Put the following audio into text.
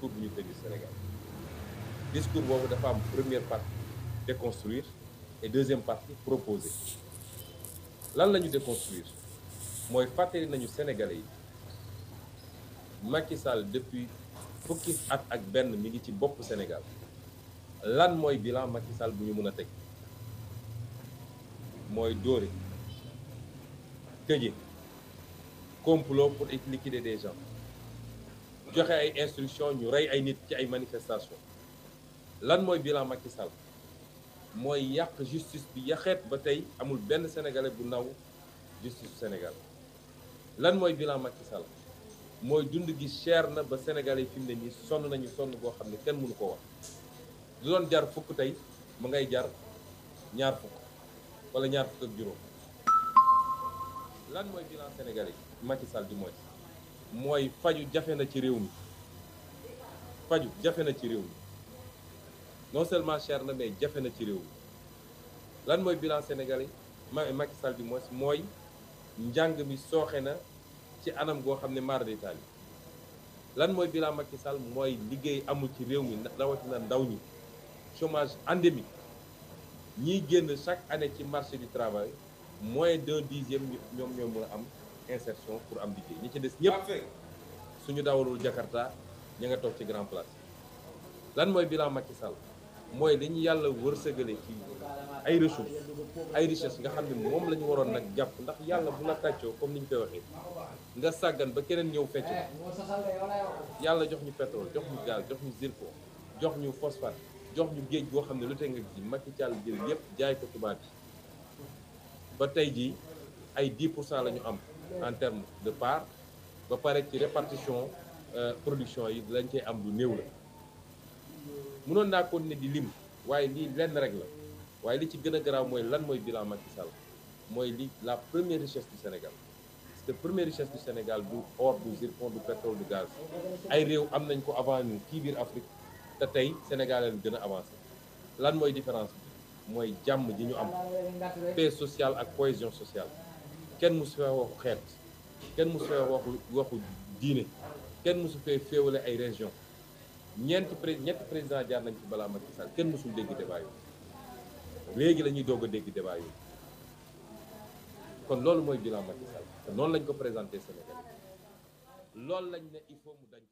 pour bu ñu tenir Sénégal discours boobu dafa am première partie déconstruire et deuxième partie proposer lan la ñu déconstruire mooy fàttali nañu Sénégalais yi Macky Sall depuis fukki at ak benn mi ngi ci bopp Sénégal lan mooy bilan Macky Sall bu ñu mën a teg mooy dóore tëje complot pour liquider des gens joxe ay instruction ñu rey ay nit ci ay manifestation lan mooy bilan Macky sal mooy yàq justice bi yaxeet ba tey amul benn sénégalais bu naw justice Sénégal lan mooy bilan Macky Sall mooy dund gi cher na ba sénégalais yi fi mu ne nii sonn nañu sonn boo xam ne kenn mënu ko wax du doon jar fukk tey mu ngay jar ñaar fukk wala ñaar fukk ak juróom lan mooy bilan sénégalais Macky Sall di mooy mooy faju jafe na ci réew mi faju jafe na ci réew mi non seulement cher na mais jafe na ci réew mi lan mooy bilan sénégalais ma Macky Sall bi moos mooy njàng mi sooxe na ci anam goo xam ne maar d'Italie lan mooy bilan Macky Sall mooy liggéey amul ci réew mi rawatina ndaw ñi chômage endémique ñiy génn chaque année ci marché du travail moins d'un dixième ñoom ñoo mën a am insertion pour am liggéey ñi ci des ñëpp suñu dawalul Jakarta ñi nga toog ci grand place lan mooy bilan Macky Sall mooy li ñu yàlla wërsëgale ci ay ressources ay richesse nga xam ne moom la ñu waroon nag jàpp ndax yàlla bu la tàccoo comme ni ñu koy waxee nga sàggan ba keneen ñëw fecc yàlla jox ñu pétrole jox ñu gaz jox ñu zircon jox ñu phosphate jox ñu géej goo xam ne lu tee nga ji Macky Sall jël yëpp jaay ko tubaab bi ba tey jii ay 10 pour cent la ñu am en termes de part ba pare ci répartition euh, production yi lañ cey am lu néew la mënoon naa kon ne di lim waaye lii lenn rek la waaye li ci gën a garaaw mooy lan mooy bilan Macky Sall mooy li la première richesse du Sénégal que première richesse du Sénégal du or du zircon du pétrole du gaz ay réew am nañ ko avant ñu kii biir Afrique te tey Sénégal leen gën a avancé lan mooy différence bi mooy jàmm ji ñu am paix social ak cohésion social kenn mosu fee waxu xeet kenn mosu fee waxu waxu diine kenn mosu fee féewale ay région ñeenti pré ñetti président jaar nañ ci balaa Macky Sall kenn mosul dégg débat yooyu léegi la ñuy doog a dégg débat yooyu kon loolu mooy bilan Macky Sall te noonu lañ ko présenté Sénégal loolu lañ ne il faut mu dañ